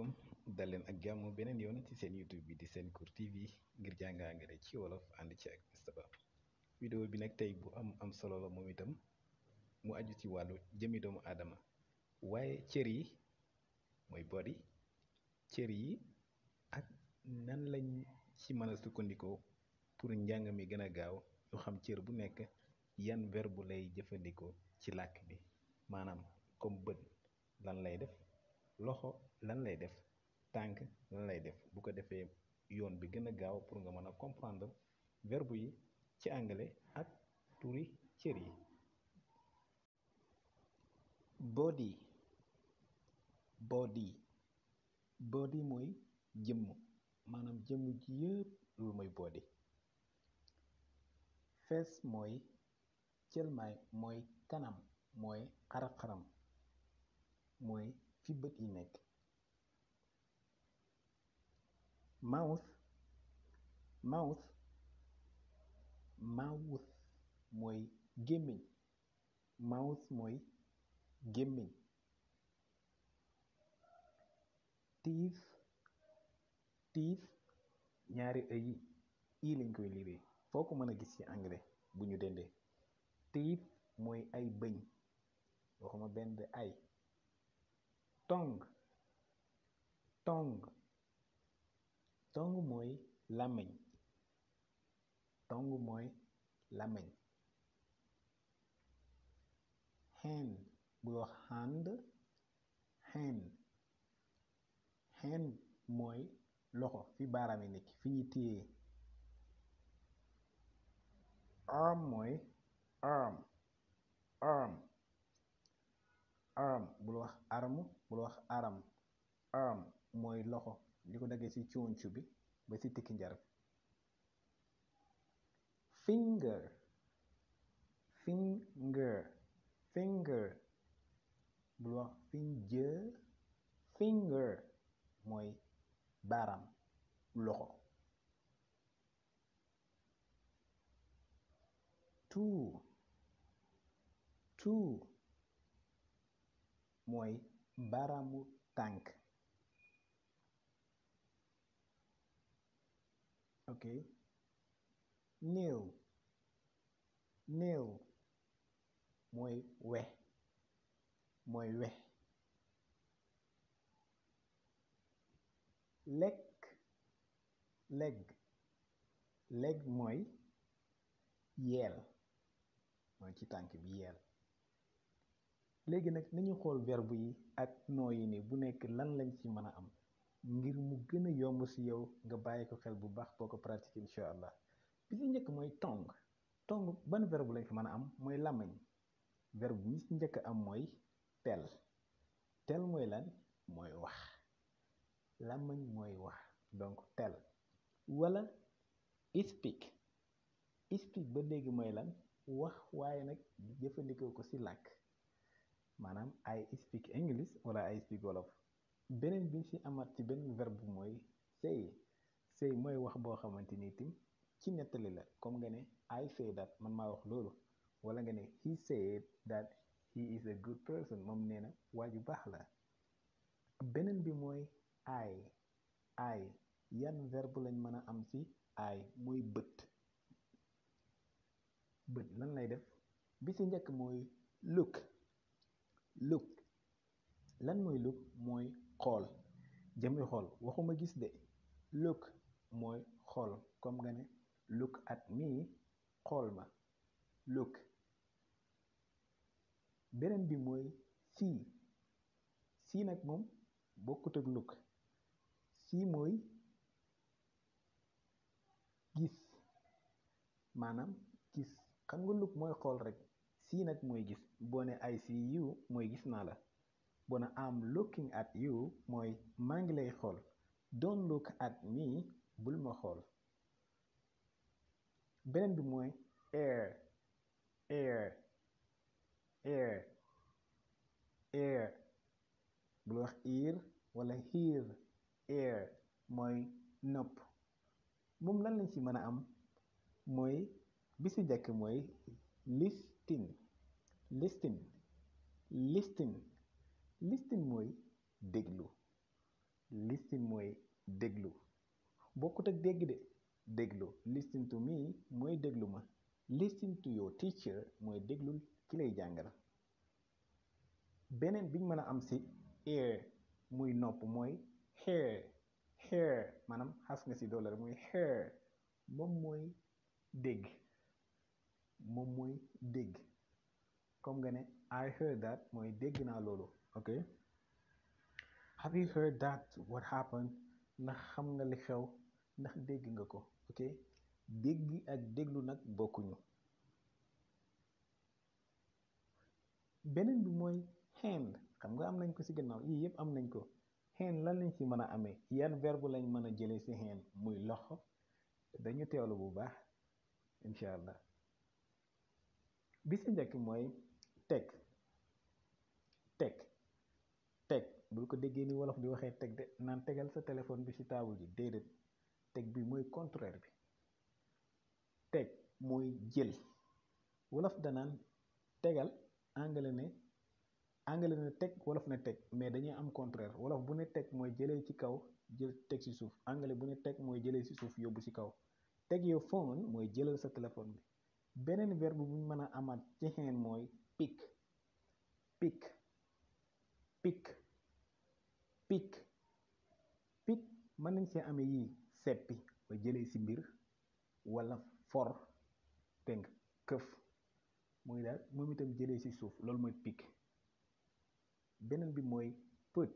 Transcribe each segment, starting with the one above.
asalaamaaleykum dal leen ak jàmm beneen yoon ci seen youtube bi di seen cours tv ngir jàngaa ngare ci wolof ànd ci ak Moustapha bi nag tey bu am am solo la moom itam mu aju ci wàllu jëmi doomu aadama waaye cër yi mooy body cër yi ak nan lañ ci mën a sukkandikoo pour njàng mi gën a gaaw ñu xam cër bu nekk yan verbe lay jëfandikoo ci làkk bi maanaam comme bët lan lay def loxo lan lay def tànk lan lay def bu ko defee yoon bi gën a gaaw pour nga mën a comprendre verbe yi ci anglais ak turi cër yi body body body mooy jëmm maanaam jëmm ji yëpp loolu mooy body face mooy cëlmaay mooy kanam mooy xarab-xaram mooy fi bët yi nekk mouth mouth mouth mooy gémmiñ mouth mooy gémmiñ teeth teeth ñaari ë yi lañ koy liiree foo ko mën a gis ci anglais bu ñu dendee teeth mooy ay bëñ waxuma benn ay tong tong tong mooy làmmiñ tong mooy làmmiñ hand bul wax xànd hand hand mooy loxo fi baaraam yi nekk fi ñu téye arm mooy arm arm arm bul wax arm bul wax aram arm mooy loxo li ko daggee ci cuuncu bi ba ci tikki njar finger finger finger bul wax finger finger mooy baaraam loxo two two mooy baaramu tank ok néew néew mooy we mooy we lekk legg legg mooy yeel mooy ci tank bi yeel léegi nag nañu xool verbe yi ak noo yi ni bu nekk lan lañ ci mën a am ngir mu gën a yomb si yow nga bàyyi ko xel bu baax boo ko pratique incha allah bi si njëkk mooy tong tong ban verbe lañ fi mën a am mooy làmmiñ verbe bi si njëkk am mooy tell tel mooy lan mooy wax làmmiñ mooy wax donc tel wala speak speak ba léegi mooy lan wax waaye nag jëfandikoo ko si làkk maanaam I speak English wala I speak wolof beneen bi ci amaat ci benn verbe mooy say say mooy wax boo xamante ni tim ci nettali la comme nga ne I say that man maa wax loolu wala nga ne he said that he is a good person moom nee na waa ju baax la beneen bi mooy I aay yan verbe lañ mën a am ci I mooy bët bët lan lay def bi ci njëkk mooy look lëg lan mooy lëg mooy xool jëmmi xool waxuma gis de lëg mooy xool comme nga ne look at me xool ma look beneen bi mooy see sii nag moom bokkut ak look see mooy gis maanaam gis xam nga look mooy xool rek sii nag mooy gis boo ne I mooy gis naa la boo ne I'm looking at you mooy maa ngi lay xool don't look at me bul ma xool beneen bi mooy air air air air bul wax ear wala hear air mooy nopp moom lan lañ ci mën a am mooy bi si jàkk mooy lis listing listing listin listing mooy déglu listin mooy déglu bokkut ak dégg de déglu listen to me mooy déglu ma listen to your teacher mooy déglul ki lay jàngal beneen biñ mën a am si ear muy nopp mooy hair hair maanaam xas nga si doole rek muy hair moom mooy dégg moom mooy dégg comme nga ne I heard that mooy dégg naa loolu ok have you heard that what happened ndax xam nga li xew ndax dégg nga ko ok dégg ak déglu nag bokkuñu beneen bi mooy hand xam nga am nañ ko ci gannaaw yii yëpp am nañ ko hand lan lañ ci mën a amee yan verbe lañ mën a jëlee ci hand muy loxo dañu teelu bu baax incha allah bi si njëkk mooy teg teg teg bul ko déggee ni wolof di waxee teg de naan tegal sa téléphone bi ci taabul ji déedéet teg bi mooy contraire bi teg mooy jël wolof danaan tegal angale ne angale ne teg wolof ne teg mais dañuy am contraire wolof bu ne teg mooy jëlee ci kaw jël teg ci suuf angale bu ne teg mooy jëlee ci suuf yóbbu ci kaw teg yow phone mooy jëlal sa téléphone bi beneen verbe buñ mën a amaat ci mooy pick pick pick pick mën nañ see amee yii seppi jëlee ci mbir walla for tënk mooy daal moom itam jëlee ci suuf loolu mooy pick beneen bi mooy put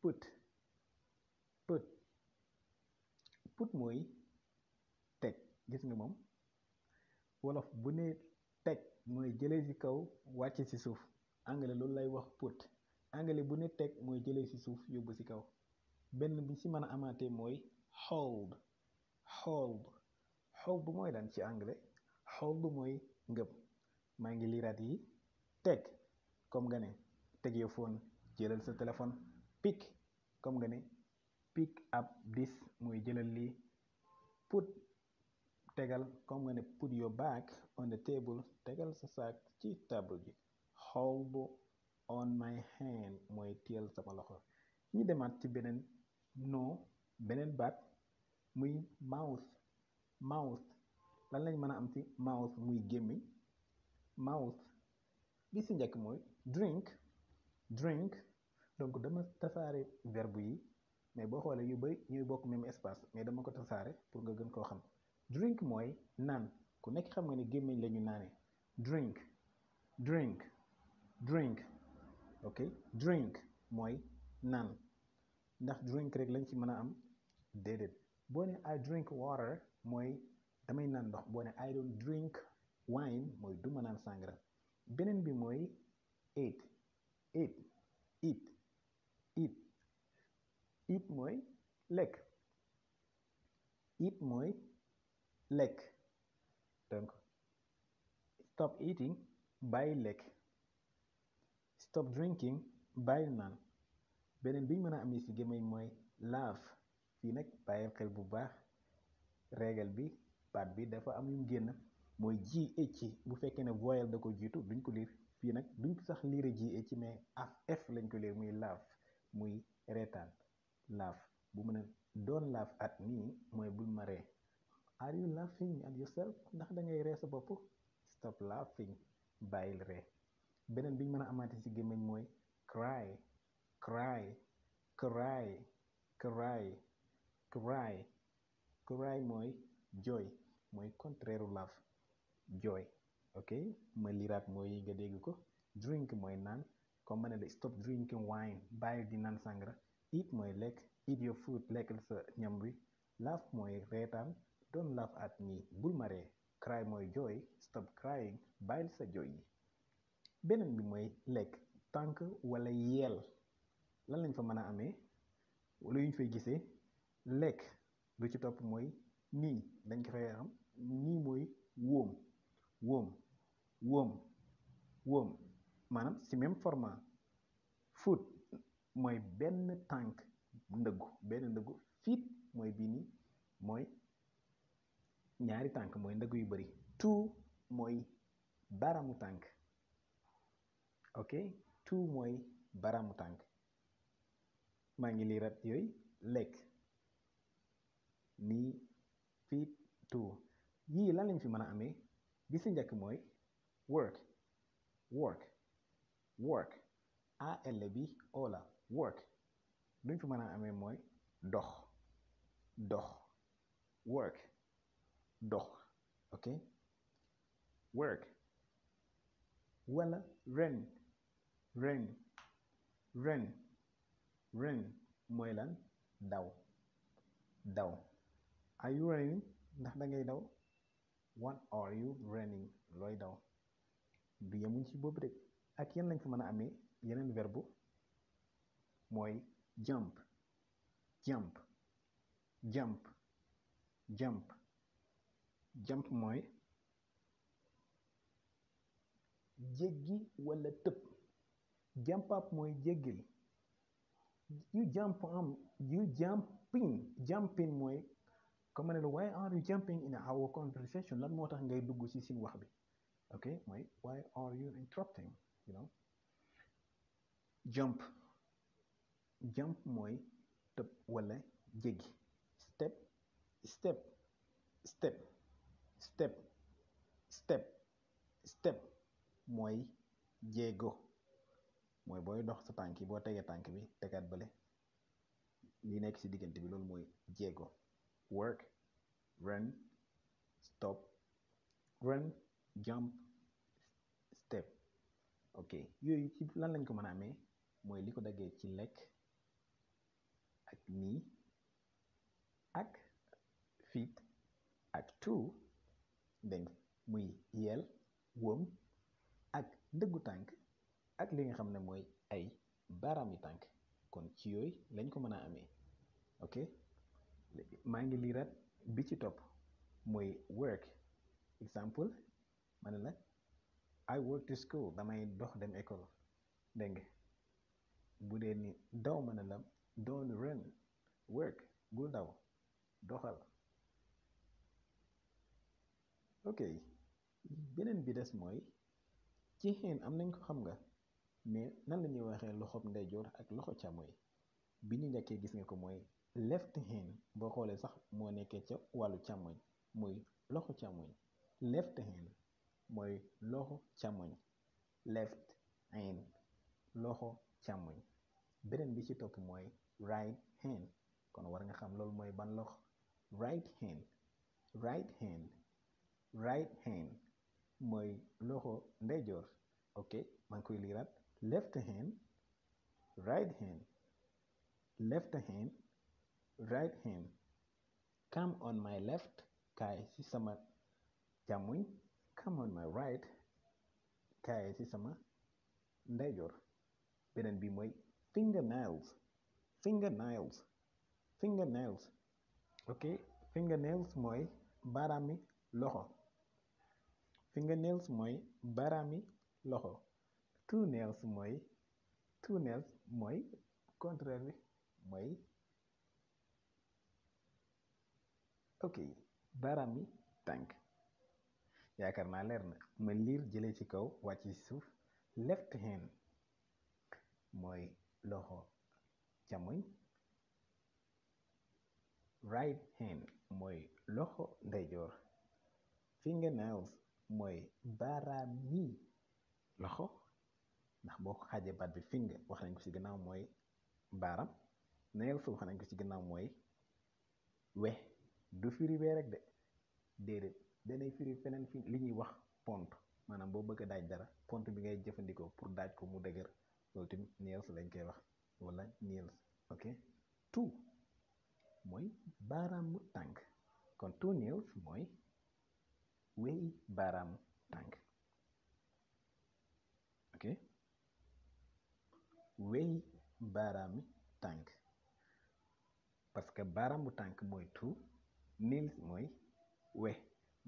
pët put put mooy teg gis nga moom wolof bu ne teg mooy jëlee ci kaw wàcc ci suuf anglais loolu lay wax put anglais bu ne teg mooy jëlee ci suuf yóbbu ci kaw benn bi ci mën a amaate mooy hold hold hold mooy lan ci anglais hold mooy ngëb maa ngi liiraat yi teg comme nga ne teg your phone jëlal sa téléphone pick comme nga ne pick up this mooy jëlal lii put tegal comme nga ne put your bag on the table tegal sa saak ci table ji hold on my hand mooy téel sama loxo ñu demaat ci beneen no beneen baat muy mouth mouth lan lañ mën a am ci mouth muy gémmiñ mouth bi si njëkk mooy drink drink donc dama tasaare verbe yi mais boo xoolee yu bari ñuy bokk même espace mais dama ko tasaare pour nga gën koo xam drink mooy naan ku nekk xam nga ne gémmiñ lañu ñu naane drink drink drink ok drink mooy naan ndax drink rek lañ ci mën a am déedéet boo ne I drink water mooy damay naan ndox boo ne I don't drink wine mooy duma naan sàngara beneen bi mooy eat eat eat eat eat mooy lekk eat mooy lekk donc stop eating bàyyi lekk stop drinking bàyyi naan beneen biñ mën a amee ci gémmiñ mooy laaf fii nag bàyyil xel bu baax regal bi baat bi dafa am yum génn mooy ji ecci bu fekkee ne voyelle da ko jiitu duñ ko liir fii nag duñ ko sax liire ji ecci mais af f lañ ko liir muy laaf muy reetaan laaf bu mën a doon laaf at nii mooy bul maree are you laughing at yourself ndax da ree sa bopp stop laughing bàyyil ree beneen biñ mën a amaate si gémmiñ mooy cry cry cry cry cry mooy jooy mooy contraire u laugh jooy ok ma liiraat mooy nga dégg ko drink mooy naan comme ma ne la stop drinking wine bàyyil di naan sàngara eat mooy lekk eat your food lekkal sa ñam wi laugh mooy reetaan doon laaf at mi bul maree cry mooy jooy stop crying bàyyil sa jooy yi beneen bi mooy lekk tànk wala yeel lan lañ fa mën a amee lu ñu fay gisee lekk lu ci topp mooy nii dañ ko fay am nii mooy woom wóom wóom wóom maanaam ci même format foot mooy benn tànk ndëggu benn ndëggu fiit mooy bii nii mooy ñaari tànk mooy ndëgg yu bari two mooy baramu tànk ok two mooy baaramu tànk maa ngi rat yooyu lekk nii fii two yii lan lañ fi mën a amee bi si njëkk mooy work work work al bi ola work luñ fi mën a amee mooy dox dox work dox ok work wala run run run mooy lan daw daw are you running ndax dangay daw what are you running looy daw du yemuñ ci boobu rek ak yan lañ fa mën a amee yeneen verbe mooy jump jump jump jump jump mooy jéggi walla tëb jump up mooy jéggil you jump am um, you jumping jumping mooy comme ma ne la why are you jumping in our conversation lan moo tax ngay dugg ci suñu wax bi ok mooy why are you interrupting jump jump mooy tëb walla jéggi step step step step step mooy jéego mooy booy dox sa tànk yi boo tegee tànk bi tegaat bële li nekk ci diggante bi loolu mooy jéego work run stop run jump step ok yooyu ci lan lañ ko mën a amee mooy li ko daggee ci lekk ak nii ak feet ak two dégg muy yeel woom ak dëggu tànk ak li nga xam ne mooy ay baaraami tànk kon ci yooyu lañ ko mën a amee ok maa ngi rat bi ci topp mooy work exemple ma la I work to school damay dox dem école dégg nga bu dee ni daw mane la don't run work bul daw doxal ok beneen bi des mooy ci xeen am nañ ko xam nga mais nan la ñuy waxee loxob ndeyjoor ak loxo càmmooñ bi ñu njëkkee gis nga ko mooy left hand boo xoolee sax moo nekkee ca wàllu càmmoñ muy loxo càmmoñ left mooy loxo càmmoñ left hand loxo càmmoñ beneen bi ci topp mooy right hand kon war nga xam loolu mooy ban loxo right hand right hand right hand mooy loxo ndeyjoor ok maa ngi koy liiraat left hand right hand left hand right hand come on my left kaay ci sama càmmoñ come on my right kaay ci sama ndeyjoor beneen bi mooy fingernails fingernails fingernails ok fingernails mooy baaraam mi loxo fingernails mooy baaraami loxo toenails mooy toenails mooy contraire bi mooy ok baaraami tànk yaakaar naa leer na ma liir jële ci kaw wàcc ci suuf left hand mooy loxo càmmoñ right hand mooy loxo ndeyjoor fingernails mooy baaraam yi loxo ndax boo ko xaajee baat bi finger wax nañ ko ci gannaaw mooy baaraam nails wax nañ ko ci gannaaw mooy we du firi rek de déedéet danay firi feneen fi li ñuy wax pont maanaam boo bëgg a daaj dara pont bi ngay jëfandikoo pour daaj ko mu dëgër loolu tamit nails lañ koy wax wala nails ok two mooy baaraamu tànk kon two nails mooy wey baaraam tànk ok wey baaraami tank paska baaraamu tank mooy two nils mooy we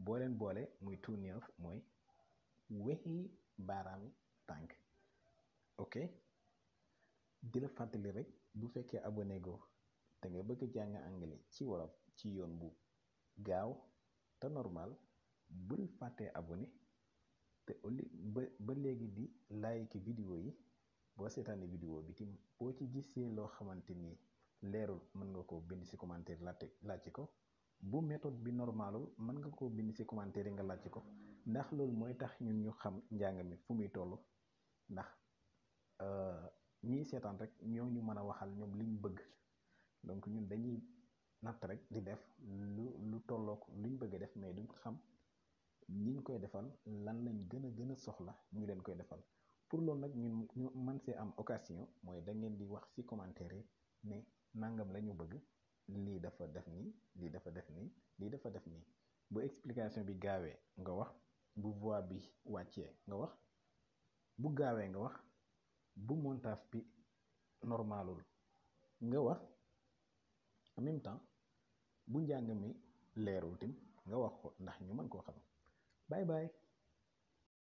booleen boole muy two nils mooy weyi baaraami tànk ok di la fàttali rek bu fekkee abonné go te nga bëgg jàng angale ci wolof ci yoon bu gaaw te normal bul fàtte abonné te uli ba ba léegi di like vidéo yi boo seetaanee vidéo bitim boo ci gisee loo xamante ni leerul mën nga ko bind ci commentaire laajte laajte ko bu méthode bi normalul mën nga ko bind ci commentaire nga laajte ko ndax loolu mooy tax ñun ñu xam njàng mi fu muy toll ndax euh, ñiy seetaan rek ñoo ñu mën a waxal ñoom liñ bëgg donc ñun dañuy natt rek di def lu lu ko luñ bëgg a def mais duñ xam ñiñ koy defal lan lañ gën a gën a soxla ñu leen koy defal pour loolu nag ñun ñu man see am occasion mooy da ngeen di wax ci commentaire yi ne nangam lañu bëgg lii dafa def nii lii dafa def nii lii dafa def nii bu explication bi gaawee nga wax bu voix bi wàccee nga wax bu gaawee nga wax bu montage bi normalul nga wax en même temps bu njàng mi leerul tim nga wax ko ndax ñu mën koo xam Bye bye.